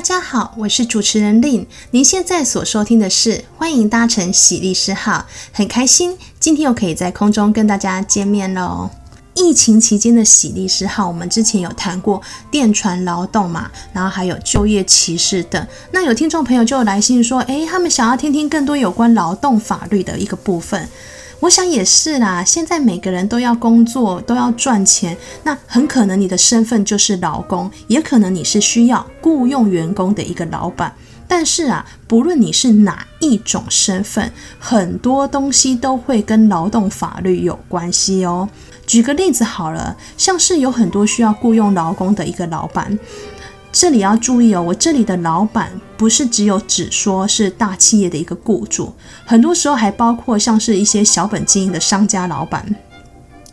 大家好，我是主持人 Lynne。您現在所收聽的是《歡迎搭乘喜麗詩號》，很開心，今天又可以在空中跟大家見面嘍。疫情期間的喜麗詩號，我們之前有談過電傳勞動嘛，然後還有就業歧視等。那有聽眾朋友就有來信說，誒，他們想要聽聽更多有關勞動法律的一個部分。我想也是啦，現在每個人都要工作，都要賺錢，那很可能你的身份就是勞工，也可能你是需要僱傭員工的一個老闆。但是啊，不論你是哪一種身份，很多東西都會跟勞動法律有關係哦。舉個例子好了，像是有很多需要僱傭勞工的一個老闆。這裡要注意哦，我這裡的老板不是只有只說是大企業的一個雇主，很多時候還包括像是一些小本經營的商家老板。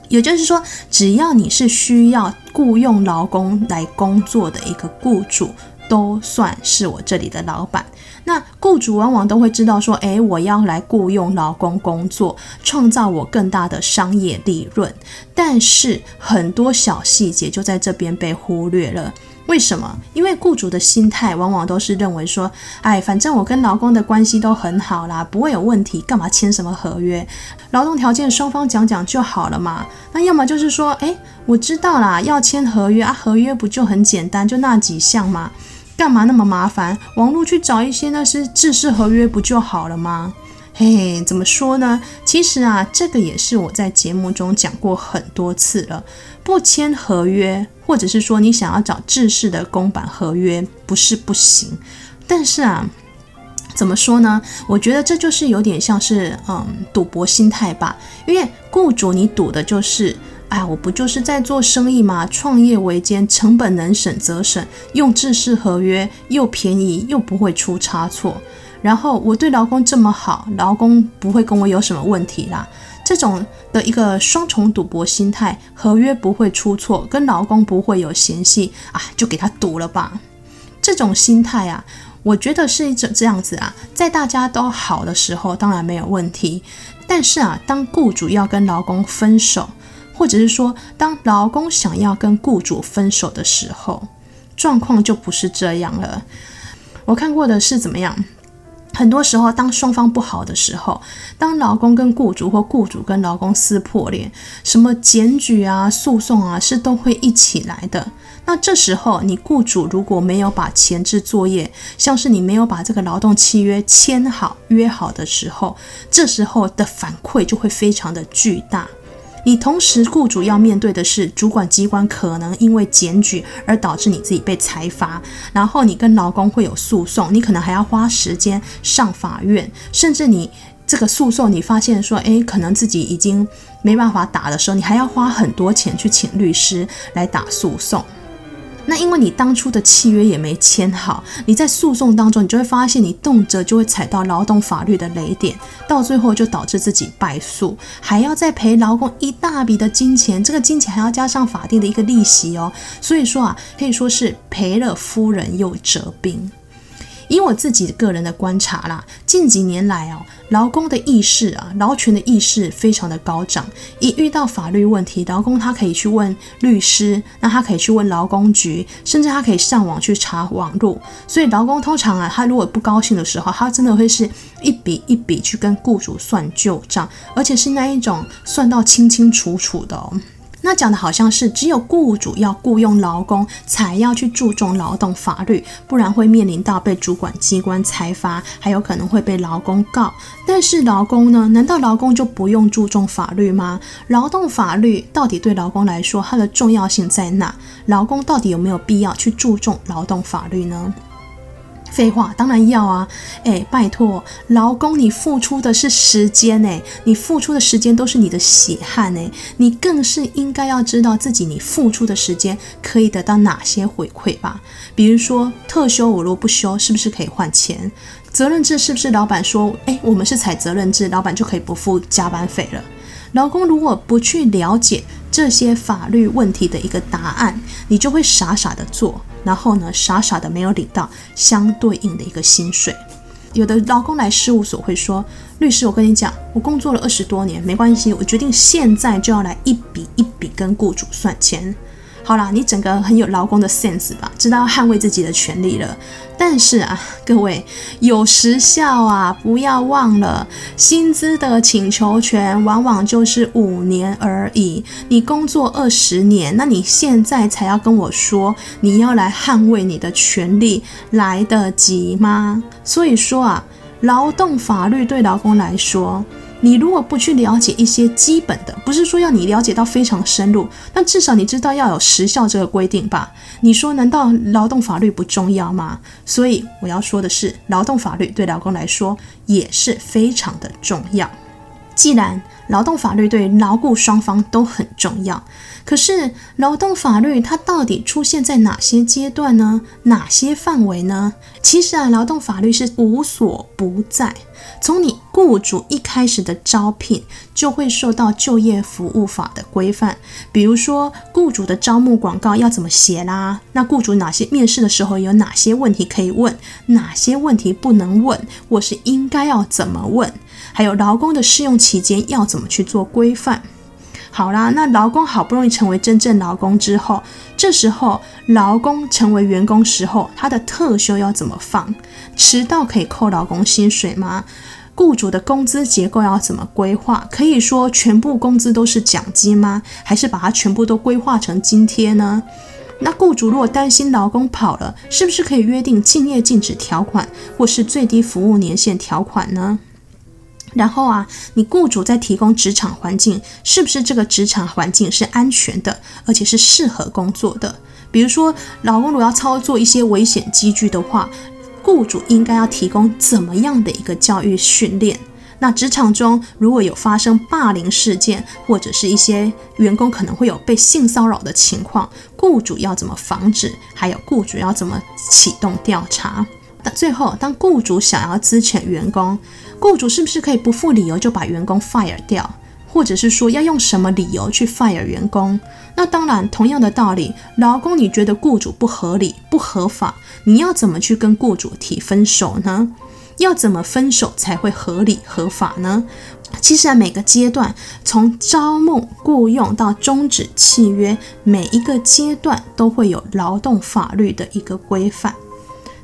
也就是說，只要你是需要雇傭勞工來工作的一個雇主，都算是我這裡的老板。那雇主往往都會知道說，誒，我要來雇傭勞工工作，創造我更大的商業利潤。但是很多小細節就在這邊被忽略了。為什麼？因為雇主的心態往往都是認為說，哎，反正我跟勞工的關係都很好啦，不會有問題，幹嘛簽什麼合約？勞動條件雙方講講就好了嘛。那要麼就是說，哎，我知道啦，要簽合約啊，合約不就很簡單，就那幾項嘛，幹嘛那麼麻煩？網絡去找一些那些制式合約不就好了嗎？嘿嘿，怎麼說呢？其實啊，這個也是我在節目中講過很多次了。不簽合約，或者是說你想要找制式的公版合約，不是不行。但是啊，怎麼說呢？我覺得這就是有點像是嗯，賭博心態吧。因為雇主你賭的就是，哎，我不就是在做生意嗎？創業維艱，成本能省則省，用制式合約又便宜又不會出差錯。然後我對勞工這麼好，勞工不會跟我有什麼問題啦。這種的一個雙重賭博心態，合約不會出錯，跟勞工不會有嫌隙啊，就給他賭了吧。這種心態啊，我覺得是一種這樣子啊，在大家都好的時候，當然沒有問題。但是啊，當雇主要跟勞工分手，或者是說當勞工想要跟雇主分手的時候，狀況就不是這樣了。我看過的是怎麼樣？很多時候，當雙方不好的時候，當勞工跟雇主或雇主跟勞工撕破臉，什麼檢舉啊、訴訟啊，是都會一起來的。那這時候，你雇主如果沒有把前置作業，像是你沒有把這個勞動契約簽好、約好的時候，這時候的反饋就會非常的巨大。你同時雇主要面對的是主管機關，可能因為檢舉而導致你自己被裁罰，然後你跟勞工會有訴訟，你可能還要花時間上法院，甚至你這個訴訟你發現說，誒，可能自己已經沒辦法打的時候，你還要花很多錢去請律師來打訴訟。那因為你當初的契約也沒簽好，你在訴訟當中，你就會發現你動輒就會踩到勞動法律的雷點，到最後就導致自己敗訴，還要再賠勞工一大筆的金錢，這個金錢還要加上法定的一個利息哦。所以說啊，可以說是賠了夫人又折兵。以我自己個人的觀察啦，近幾年來哦，勞工的意識啊，勞權的意識非常的高漲。一遇到法律問題，勞工他可以去問律師，那他可以去問勞工局，甚至他可以上網去查網絡。所以勞工通常啊，他如果不高興的時候，他真的會是一筆一筆去跟雇主算舊賬，而且是那一種算到清清楚楚的哦。那講的好像是只有雇主要僱用勞工，才要去注重勞動法律，不然會面臨到被主管機關裁罰，還有可能會被勞工告。但是勞工呢？難道勞工就不用注重法律嗎？勞動法律到底對勞工來說，它的重要性在哪？勞工到底有沒有必要去注重勞動法律呢？廢話當然要啊，誒，拜托，勞工，你付出的是時間誒、欸，你付出的時間都是你的血汗誒、欸，你更是應該要知道自己你付出的時間可以得到哪些回饋吧，比如說特休，我如果不休，是不是可以換錢？責任制是不是老闆說，誒，我們是採責任制，老闆就可以不付加班費了？勞工如果不去了解這些法律問題的一個答案，你就會傻傻的做。然後呢，傻傻的沒有領到相對應的一個薪水。有的勞工來事務所會說：“律師，我跟你講，我工作了二十多年，沒關係，我決定現在就要來一筆一筆跟雇主算錢。”好啦，你整個很有勞工的 sense 吧，知道捍衛自己的權利了。但是啊，各位有時效啊，不要忘了，薪資的請求權往往就是五年而已。你工作二十年，那你現在才要跟我說你要來捍衛你的權利，來得及嗎？所以說啊，勞動法律對勞工來說。你如果不去了解一些基本的，不是說要你了解到非常深入，但至少你知道要有時效這個規定吧？你說難道勞動法律不重要嗎？所以我要說的是，勞動法律對勞工來說也是非常的重要。既然勞動法律對於勞雇雙方都很重要，可是勞動法律它到底出現在哪些階段呢？哪些範圍呢？其實啊，勞動法律是無所不在。從你雇主一開始的招聘，就會受到就業服務法的規範。比如說，雇主的招募廣告，要怎麼寫啦？那雇主哪些面試的時候，有哪些問題可以問，哪些問題不能問，或是應該要怎麼問？還有勞工的試用期間要怎麼去做規範？好啦，那勞工好不容易成為真正勞工之後，這時候勞工成為員工時候，他的特休要怎麼放？遲到可以扣勞工薪水嗎？雇主的工資結構要怎麼規劃？可以說全部工資都是獎金嗎？還是把它全部都規劃成津貼呢？那雇主如果擔心勞工跑了，是不是可以約定競業禁止條款或是最低服務年限條款呢？然後啊，你雇主在提供職場環境，是不是這個職場環境是安全的，而且是適合工作的？比如說，勞工如果要操作一些危險機具的話，雇主應該要提供怎麼樣的一個教育訓練？那職場中如果有發生霸凌事件，或者是一些員工可能會有被性騷擾的情況，雇主要怎麼防止？還有雇主要怎麼啟動調查？最後，當雇主想要資遣員工，雇主是不是可以不附理由就把員工 fire 掉？或者是說要用什麼理由去 fire 員工？那當然，同樣的道理，勞工，你覺得雇主不合理、不合法，你要怎麼去跟雇主提分手呢？要怎麼分手才會合理合法呢？其實在每個階段，從招募、雇傭到終止契約，每一個階段都會有勞動法律的一個規範。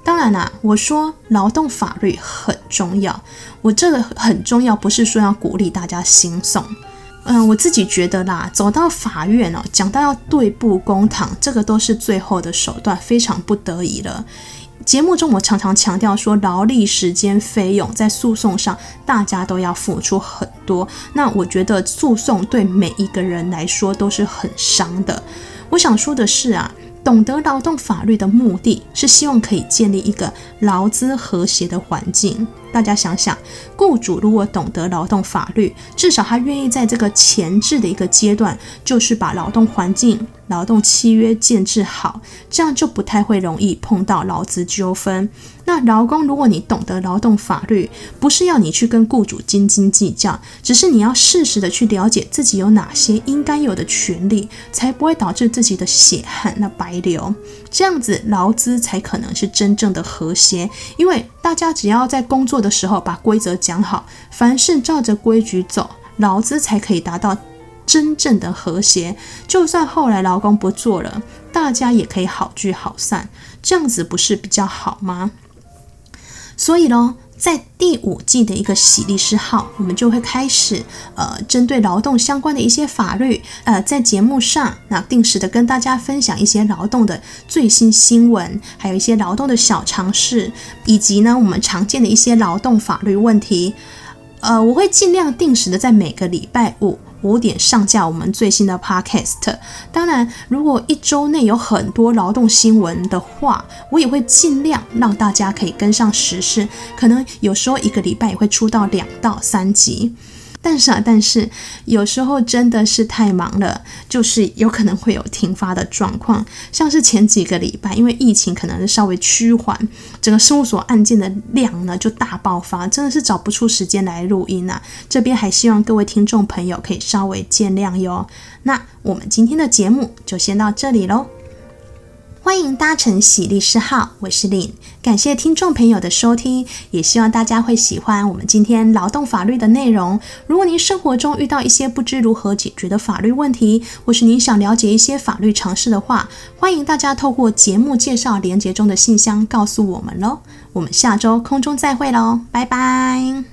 當然啦，我說勞動法律很重要，我這個很重要，不是說要鼓勵大家興訟。嗯，我自己覺得啦，走到法院哦，講到要對簿公堂，這個都是最後的手段，非常不得已了。節目中我常常強調說，勞力、時間、費用在訴訟上，大家都要付出很多。那我覺得訴訟對每一個人來說都是很傷的。我想說的是啊。懂得勞動法律的目的是希望可以建立一個勞資和諧的環境。大家想想，雇主如果懂得勞動法律，至少他願意在這個前置的一個階段，就是把勞動環境、勞動契約建置好，這樣就不太會容易碰到勞資糾紛。那勞工如果你懂得勞動法律，不是要你去跟雇主斤斤計較，只是你要適時的去了解自己有哪些應該有的權利，才不會導致自己的血汗那白流。這樣子勞資才可能是真正的和諧，因為大家只要在工作的時候把規則講好，凡事照着規矩走，勞資才可以達到真正的和諧。就算後來勞工不做了，大家也可以好聚好散，這樣子不是比較好嗎？所以呢在第五季的一個喜麗詩號，我們就會開始，呃，針對勞動相關的一些法律，呃，在節目上那、呃、定時的跟大家分享一些勞動的最新新聞，還有一些勞動的小常識，以及呢我們常見的一些勞動法律問題，呃，我會盡量定時的在每個禮拜五五點上架我們最新的 Podcast。當然，如果一周內有很多勞動新聞的話，我也會盡量讓大家可以跟上時事。可能有時候一個禮拜也會出到兩到三集。但是啊，但是有時候真的是太忙了，就是有可能會有停發的狀況。像是前幾個禮拜，因為疫情可能是稍微趨緩，整個事務所案件的量呢，就大爆發，真的是找不出時間來錄音啊。這邊還希望各位聽眾朋友可以稍微見諒喲。那我們今天的節目就先到這裡嘍。歡迎搭乘喜麗詩號，我是林。感謝聽眾朋友的收聽，也希望大家會喜歡我們今天勞動法律的內容。如果您生活中遇到一些不知如何解決的法律問題，或是您想了解一些法律常識的話，歡迎大家透過節目介紹連結中的信箱告訴我們嘍。我們下周空中再會嘍，拜拜。